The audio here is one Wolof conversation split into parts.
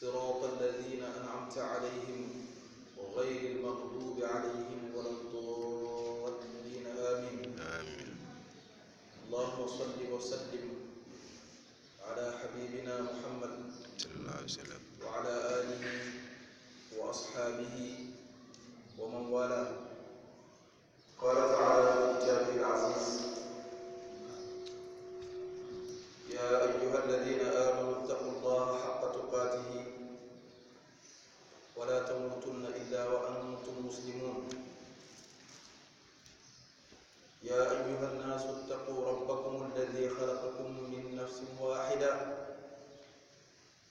صراط الذين أنعمت عليهم وغير المغضوب عليهم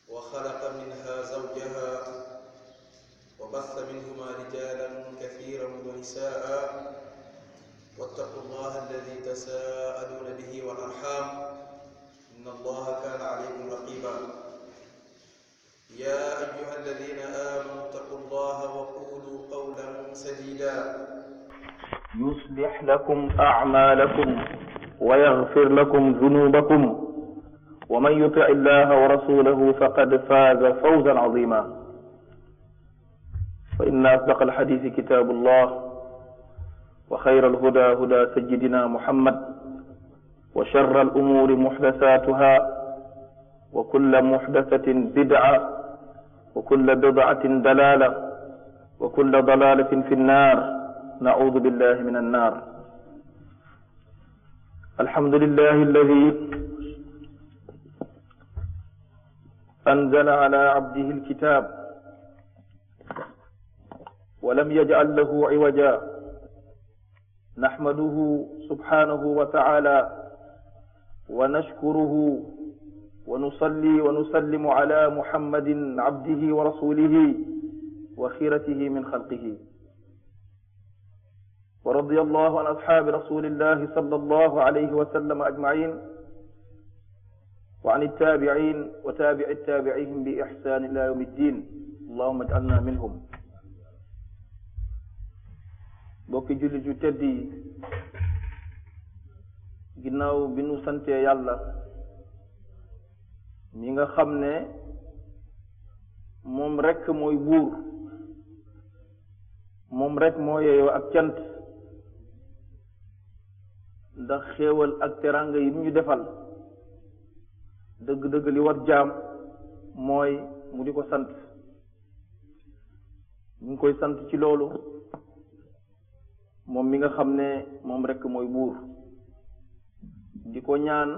وخلق منها زوجها وبث منهما رجالا كثيرا ونساء واتقوا الله الذي تساءلون به والارحام ان الله كان عليكم رقيبا يا ايها الذين امنوا اتقوا الله وقولوا قولا سديدا يصلح لكم اعمالكم ويغفر لكم ذنوبكم ومن يطع الله ورسوله فقد فاز فوزا عظيما فإن أصدق الحديث كتاب الله وخير الهدى هدى سيدنا محمد وشر الأمور محدثاتها وكل محدثة بدعة وكل بدعة دلالة وكل ضلالة في النار نعوذ بالله من النار الحمد لله الذي أنزل على عبده الكتاب ولم يجعل له عوجا نحمده سبحانه وتعالى ونشكره ونصلي ونسلم على محمد عبده ورسوله وخيرته من خلقه ورضي الله عن أصحاب رسول الله صلى الله عليه وسلم أجمعين وعن التابعين وتابع التابعين بإحسان إلى يوم الدين اللهم اجعلنا منهم بوكي جولي جو تدي جناو بنو سنتي يالا ميغا خمني موم رك موي بور موم رك موي يو اكتنت ndax xéewal ak teranga yi ñu defal dëgg-dëgg li war jaam mooy mu di ko sant mu ngi koy sant ci loolu moom mi nga xam ne moom rekk mooy buur di ko ñaan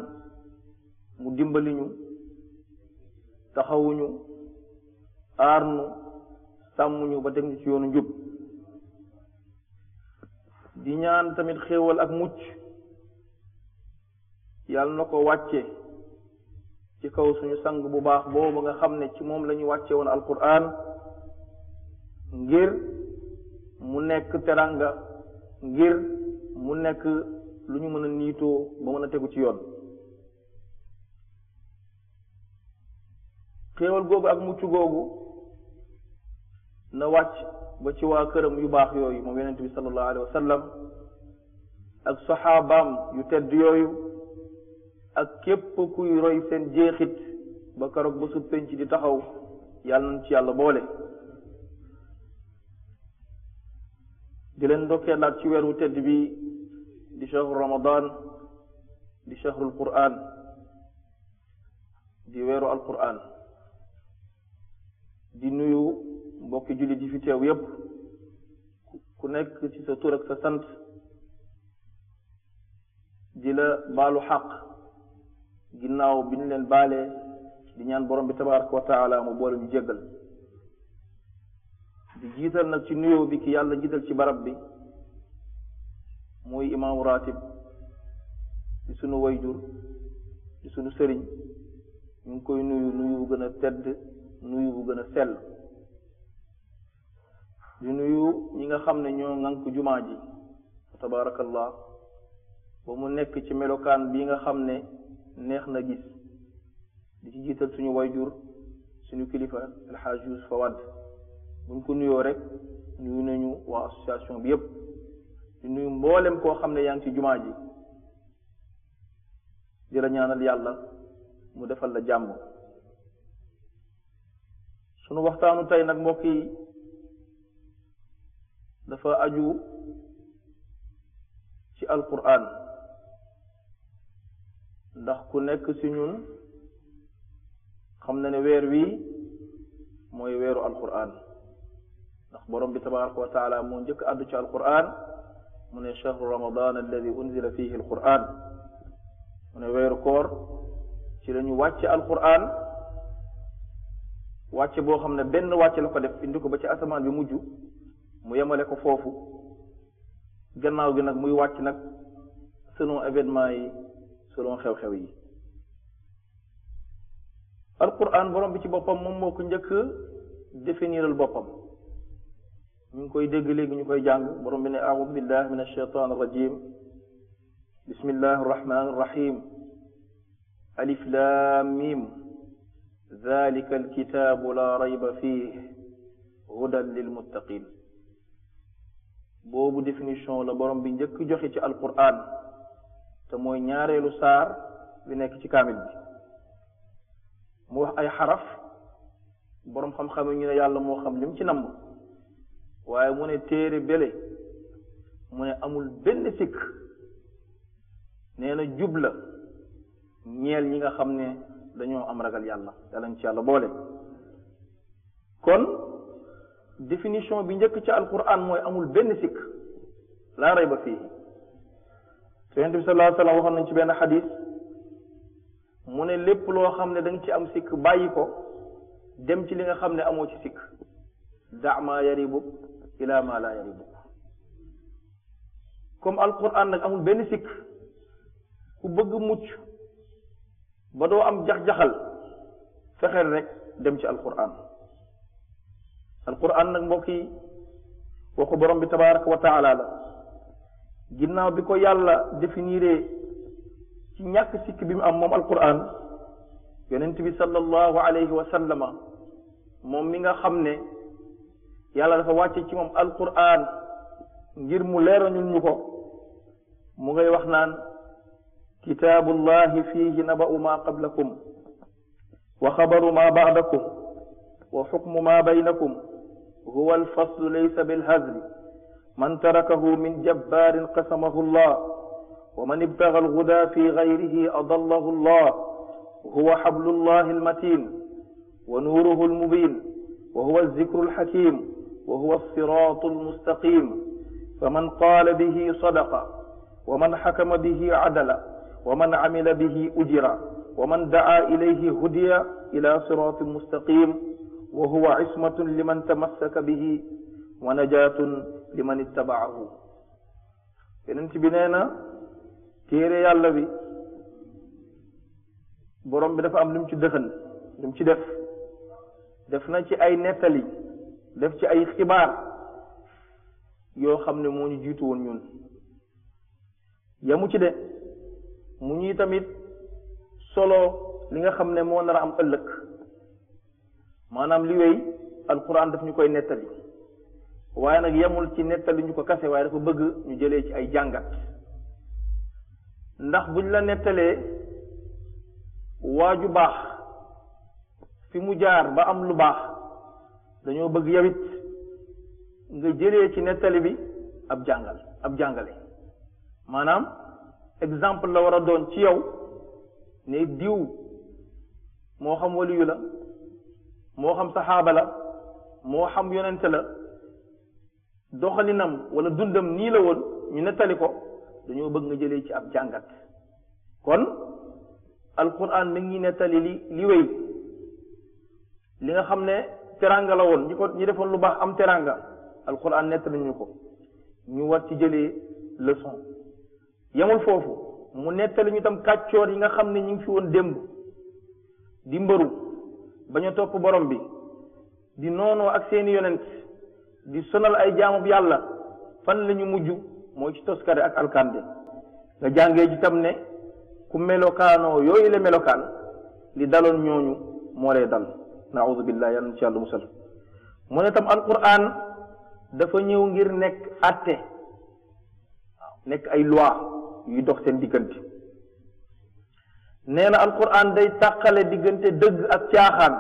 mu dimbali ñu taxawuñu aar sàmmuñu ba teg ci yoonu njub di ñaan tamit xéewal ak mucc yàlla na ko wàcce ci kaw suñu sang bu baax boobu nga xam ne ci moom la ñu wàcce woon alquran ngir mu nekk teranga ngir mu nekk lu ñu mën a niitoo ba mën a tegu ci yoon xéewal googu ak mucc googu na wàcc ba ci waa këram yu baax yooyu moom yonente bi sallallahu alayhi wa ak saxaabaam yu tedd yooyu ak képp kuy roy seen jeexit ba keroog ba su penc di taxaw yàlla nañ ci yàlla boole di leen ndokkeelaat ci weeru tedd bi di chahru ramadan di chahrul alquran di weeru alquran di nuyu mbokki julli di fi teew yépp ku nekk ci sa tur ak sa sant di la baalu xaq ginnaaw bi ñu leen baalee di ñaan borom bi tabaraka wa taala mu boole ñu jéggal di jiital nag ci nuyoo bi ki yàlla jiital ci barab bi muy imaamu ratib di sunu wayjur di sunu sëriñ ñu ngi koy nuyu nuyu bu gën a tedd nuyu bu gën a sel di nuyu ñi nga xam ne ñoo ŋànk jumaa ji tabaarakallah ba mu nekk ci melokaan bi nga xam ne neex na gis di ci jiital suñu wayjur suñu kilifa alxaaj Yuusufa Wàdd buñ ko nuyoo rek nuyu nañu waa association bi yépp di nuyu mboolem koo xam ne yaa ngi ci jumaa ji di ñaanal yàlla mu defal la jàmm sunu waxtaanu tey nag mbokk dafa aju ci alquran ndax ku nekk si ñun xam na ne weer wii mooy weeru alquran ndax borom bi tabaraka wa taala moo njëkk àddu ci alquran mu ne chahru ramadan alladi unzila fihi alquran mu ne weeru koor ci la ñu wàcce alquran wàcce boo xam ne benn wàcce la ko def indi ko ba ci asamaan bi mujj mu yemale ko foofu gannaaw gi nag muy wàcc nag selon événement yi selon xew-xew yi alquran borom bi ci boppam moom moo ko njëkk définiral boppam ñu ngi koy dégg léegi ñu koy jàng borom bi ne aoudu billah min alcheitan rajim bismillah arrahman arrahim alif lam mim ذلك الكتاب لا ريب فيه هدى للمتقين بوبو ديفينيسيون لا بروم بي نجيك جوخي سي القران te mooy ñaareelu saar bi nekk ci kaamit bi mu wax ay xaraf boroom xam-xam ñu ne yàlla moo xam lim ci namm waaye mu ne téere bele mu ne amul benn sikk nee na jub la ñeel ñi nga xam ne dañoo am ragal yàlla yàlla ci yàlla boole kon définition bi njëkk ci alquran mooy amul benn sikk laa rayba fii yonent bi sallallahu alayhi wa sallam ci benn xadis mu ne lépp loo xam ne da ci am sikk bàyyi ko dem ci li nga xam ne amoo ci sikk da ma yaribuk ila ma la yaribuk comme alquran nag amul benn sikk ku bëgg mucc ba doo am jax-jaxal fexeel rek dem ci alquran alquran nag mbokk yi waxu borom bi tabaraka wa taala la ginnaaw bi ko yàlla définiré ci ñàkk sikk bi mu am moom alquran yonent bi sallallahu alayhi wa sallama moom mi nga xam ne yàlla dafa wàcc ci moom alquran ngir mu leera ñun ñu ko mu ngay wax naan kitaabullahi fihi naba'u ma qablakum wa khabaru ma ba'dakum wa hukmu ma baynakum huwa alfaslu laysa bilhazli من تركه من جبار قسمه الله ومن ابتغى الغدا في غيره أضله الله وهو حبل الله المتين ونوره المبين وهو الذكر الحكيم وهو الصراط المستقيم فمن قال به صدق ومن حكم به عدل ومن عمل به أجر ومن دعا إليه هدي إلى صراط مستقيم وهو عصمة لمن تمسك به wa najaatun liman ittabaahu yeneen ci bi nee na téere yàlla bi borom bi dafa am lu mu ci dëxën lu mu ci def def na ci ay nettali def ci ay xibaar yoo xam ne moo ñu jiitu woon ñun yamu ci de mu ñuy tamit solo li nga xam ne moo nar a am ëllëg maanaam li wéy alquran daf ñu koy nettali waaye nag yemul ci nettali ñu ko kase waaye dafa bëgg ñu jëlee ci ay jàngat ndax buñ la nettalee waa ju baax fi mu jaar ba am lu baax dañoo bëgg yawit nga jëlee ci nettali bi ab jàngal ab jàngale maanaam exemple la war a doon ci yow ne diw moo xam waliyu la moo xam saxaabala moo xam yonente la doxalinam wala dundam nii la woon ñu nettali ko dañoo bëgg nga jëlee ci ab jàngat kon alquran mi ngi nettali li li wéy li nga xam ne teranga la woon ñi ko ñi defoon lu baax am teranga alquran nettali ñu ko ñu war ci jëlee leçon yemul foofu mu nettali ñu tam kàccoor yi nga xam ne ñu ngi fi woon démb di mbëru bañ a topp borom bi di noonoo ak seeni yonent di sonal ay jaamub yàlla fan lañu mujj mooy ci toskare ak alkande nga jàngee ji tam ne ku melokaanoo yooyu la melokaan li daloon ñooñu moo lay dal naaudu billah yàlla na ci yàlla musal mu ne tam alquran dafa ñëw ngir nekk àtte nekk ay loi yuy dox seen diggante nee na alquran day tàqale diggante dëgg ak caaxaan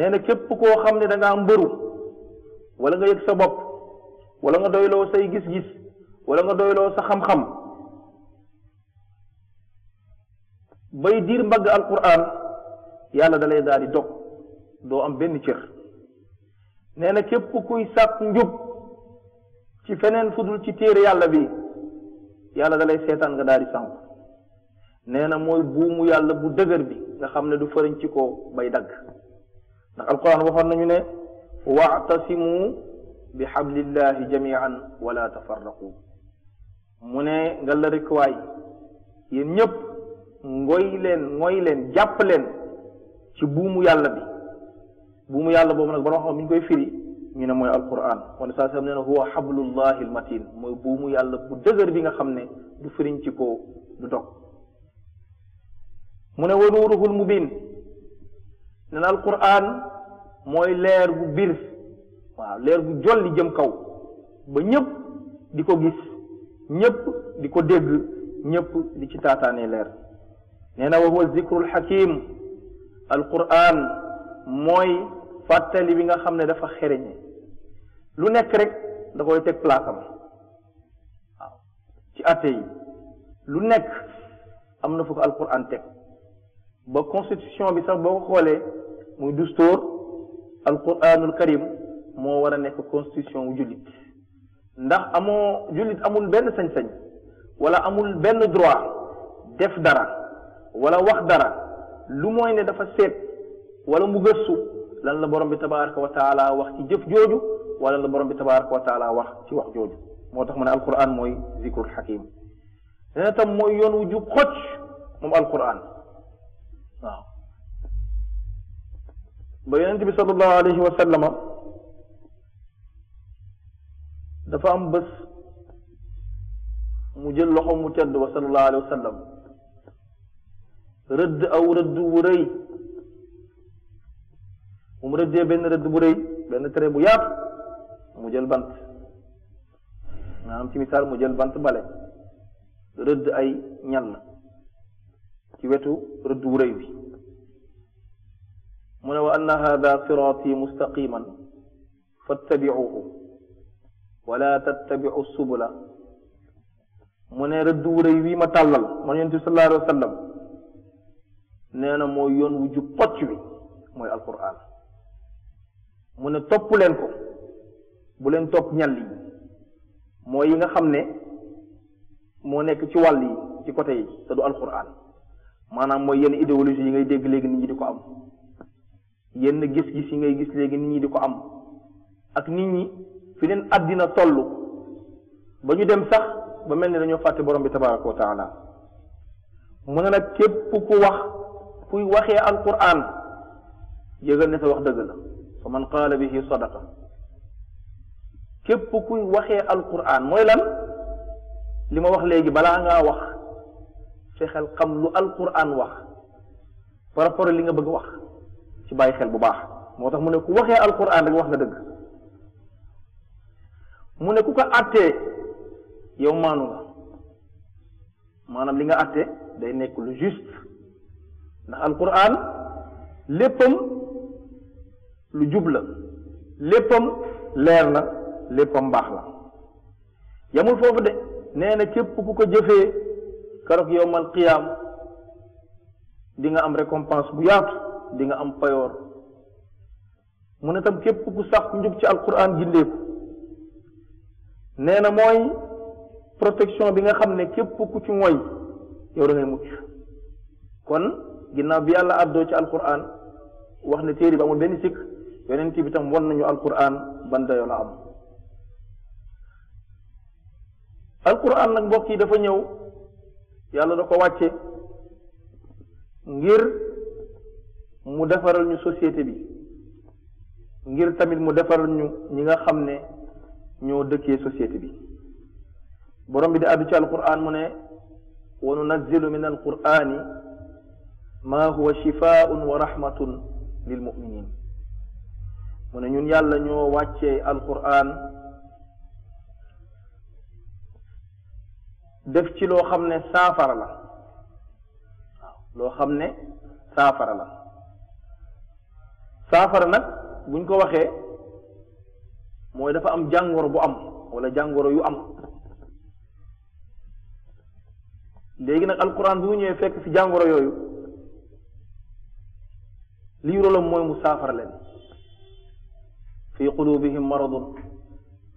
nee na képp koo xam ne da ngaa mbëru wala sa bopp wala nga doyloo say gis-gis wala nga doyloo sa xam-xam bay diir mbagg yàlla da daal di dog doo am benn cër nee na képp kuy sàkk njub ci feneen fudul ci téere yàlla bi yàlla dalay lay seetaan nga daal di sànq nee na mooy buumu yàlla bu dëgër bi nga xam ne du fariñ ci ko bay dagg ndax alquran waxoon nañu ne wa'tasimu bi hablillahi jami'an wala tafarraqu mu ne nga lërik waay yéen ñëpp ngoy leen ngoy leen jàpp leen ci buumu yàlla bi buumu yàlla boobu nag borom xam mi ngi koy firi ñu ne mooy alquran wala saa sam nee na huwa hablullahi almatin mooy buumu yàlla bu dëgër bi nga xam ne du firiñ ci ko du dog mu ne wa nuuruhu almubin nee na alquran mooy leer gu bir waaw leer gu jolli jëm kaw ba ñépp di ko gis ñëpp di ko dégg ñëpp di ci taataane leer nee na wa huwa zikrul xakim mooy fàttali bi nga xam ne dafa xereñe lu nekk rek da koy teg place am waaw ci atte yi lu nekk am na fu ko alquran teg ba constitution bi sax boo ko xoolee muy dustóor alquranul karim moo war a nekk constitution wu jullit ndax amoo jullit amul benn sañ-sañ wala amul benn droit def dara wala wax dara lu mooy ne dafa seet wala mu gëstu lan la borom bi tabaraka wa taala wax ci jëf jooju wala la borom bi tabaraka wa taala wax ci wax jooju moo tax mu ne alquran mooy zikrul xakim dana tam mooy yoon wu jub xocc moom alquran waaw ba yonent bi sallallahu alayhi wa sallama dafa am bés mu jël loxo mu tedd wa sallallahu alayhi wa sallam rëdd aw rëdd wu rëy mu mu rëddee benn rëdd bu rëy benn trait bu yaatu mu jël bant maanaam ci misaal mu jël bant bale rëdd ay ñan ci wetu rëdd wu rëy bi mu ne wa anna hada siraati mustaqiman fattabicuhu wala tattabicu subula mu ne rëdd wu rëy wi ma tàllal man yonent bi sallallahu alayhi wa sallam nee na mooy yoon wu jub pocc bi mooy alquran mu ne topp leen ko bu leen topp ñal yi mooy yi nga xam ne moo nekk ci wàll yi ci côté yi te du alquran maanaam mooy yenn idéologie yi ngay dégg léegi nit ñi di ko am yenn gis-gis yi ngay gis léegi nit ñi di ko am ak nit ñi fi leen àddina toll ba ñu dem sax ba mel ni dañoo fàtte borom bi tabaraka wa taala mu ne nag képp ku wax kuy waxee alquran yëgal ne sa wax dëgg la fa man qaala bihi sadaqa képp kuy waxee alquran mooy lan li ma wax léegi balaa ngaa wax fexeel xam lu alquran wax par rapport li nga bëgg wax ci bàyyi xel bu baax moo tax mu ne ku waxee al alquran rek wax nga dëgg mu ne ku ko àttee yow maanu la maanaam li nga àttee day nekk lu juste ndax alquran léppam lu jub la léppam leer na léppam baax la yamul foofu de nee na képp ku ko jëfee keroog yowmal qiyam di nga am récompense bu yaatu di nga am payor, mu ne tam képp ku sax njub ci alquran gindeeku nee na mooy protection bi nga xam ne képp ku ci mooy yow da ngay mucc kon ginnaaw bi yàlla àddoo ci alquran wax ne téere bi amul benn sikk yonent bi tam won nañu alquran ban dayoo la am alquran nag mbokk yi dafa yàlla da ko wàcce ngir mu defaral ñu société bi ngir tamit mu defaral ñu ñi nga xam ne ñoo dëkkee société bi borom bi di addu ci alquran mu ne wa nunazzilu min alqurani ma huwa shifaun wa rahmatun lilmuminin mu ne ñun yàlla ñoo wàccee alquran def ci loo xam ne saafara la waaw loo xam ne saafara la saafara nag buñ ko waxee mooy dafa am jàngoro bu am wala jàngoro yu am léegi nag alquran bu mu ñëwee fekk fi jàngoro yooyu lii rolam mooy mu saafara leen fi qulubihim maradun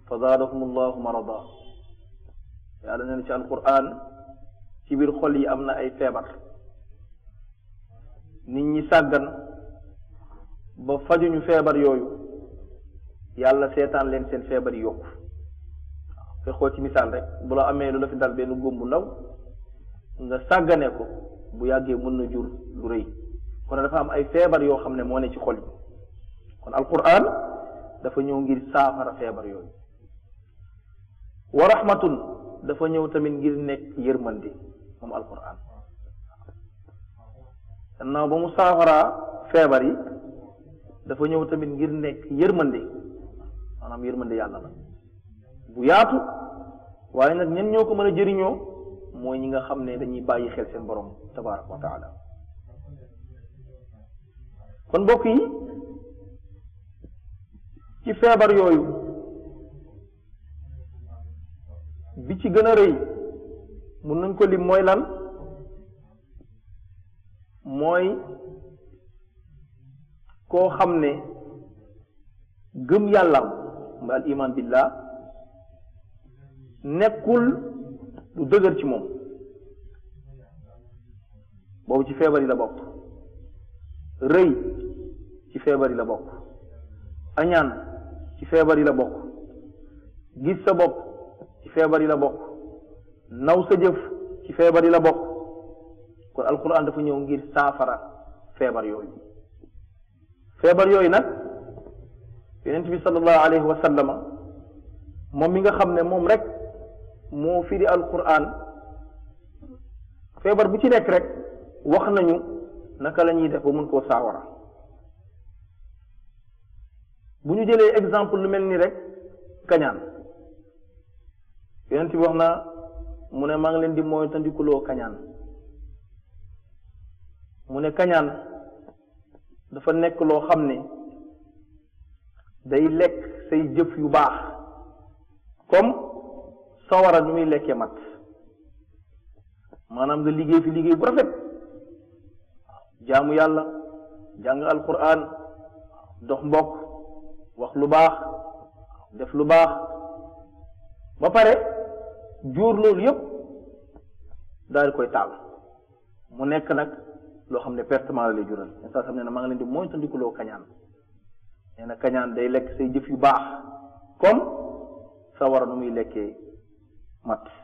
fa zaadahum allahu maradaa yàlla nee na ci alquran ci biir xol yi am na ay feebar nit ñi sàggan ba fajuñu feebar yooyu yàlla seetaan leen seen feebar yi yokku te xool ci misaal rek bu la amee lu la fi dal benn góom bu ndaw nga sàggane ko bu yàggee mën na jur lu rëy kon dafa am ay feebar yoo xam ne moo ne ci xol yi kon alquran dafa ñëw ngir saafara feebar yooyu wa rahmatun dafa ñëw tamit ngir nekk yërmandi moom alquran gannaaw ba mu saafaraa feebar yi dafa ñëw tamit ngir nekk yërmandi maanaam yërmandi yàlla la bu yaatu waaye nag ñen ñoo ko mën a jëriñoo mooy ñi nga xam ne dañuy bàyyi xel seen borom tabaraka wa kon mbokk yi ci feebar yooyu bi ci gën a rëy mun nañ ko lim mooy lan mooy koo xam ne gëm yàllam mooy al iman billah nekkul lu dëgër ci moom boobu ci feebar yi la bokk rëy ci feebar yi la bokk añaan ci feebar yi la bokk gis sa bopp ci feebar yi la bokk naw sa jëf ci feebar yi la bokk kon alquran dafa ñëw ngir saafara feebar yooyu feebar yooyu nag yonent bi sallallahu alayhi wa sallama moom mi nga xam ne moom rek moo firi alquran feebar bu ci nekk rek wax nañu naka la ñuy def ba mun koo saawara bu ñu jëlee exemple lu mel nii rek kañaan yonent bi wax na mu ne maa ngi leen di moytandikuloo kañaan mu ne kañaan dafa nekk loo xam ne day lekk say jëf yu baax comme sawara ñu muy lekkee mat maanaam nga liggéey fi liggéey bu rafet jaamu yàlla jàng alquran dox mbokk wax lu baax def lu baax ba pare jur loolu yépp daal koy taal mu nekk nag loo xam ne pertement la lay jural ne saa xam ne maa ngi leen di moytandikuloo kañaan nee na kañaan day lekk say jëf yu baax comme sawara nu muy lekkee matt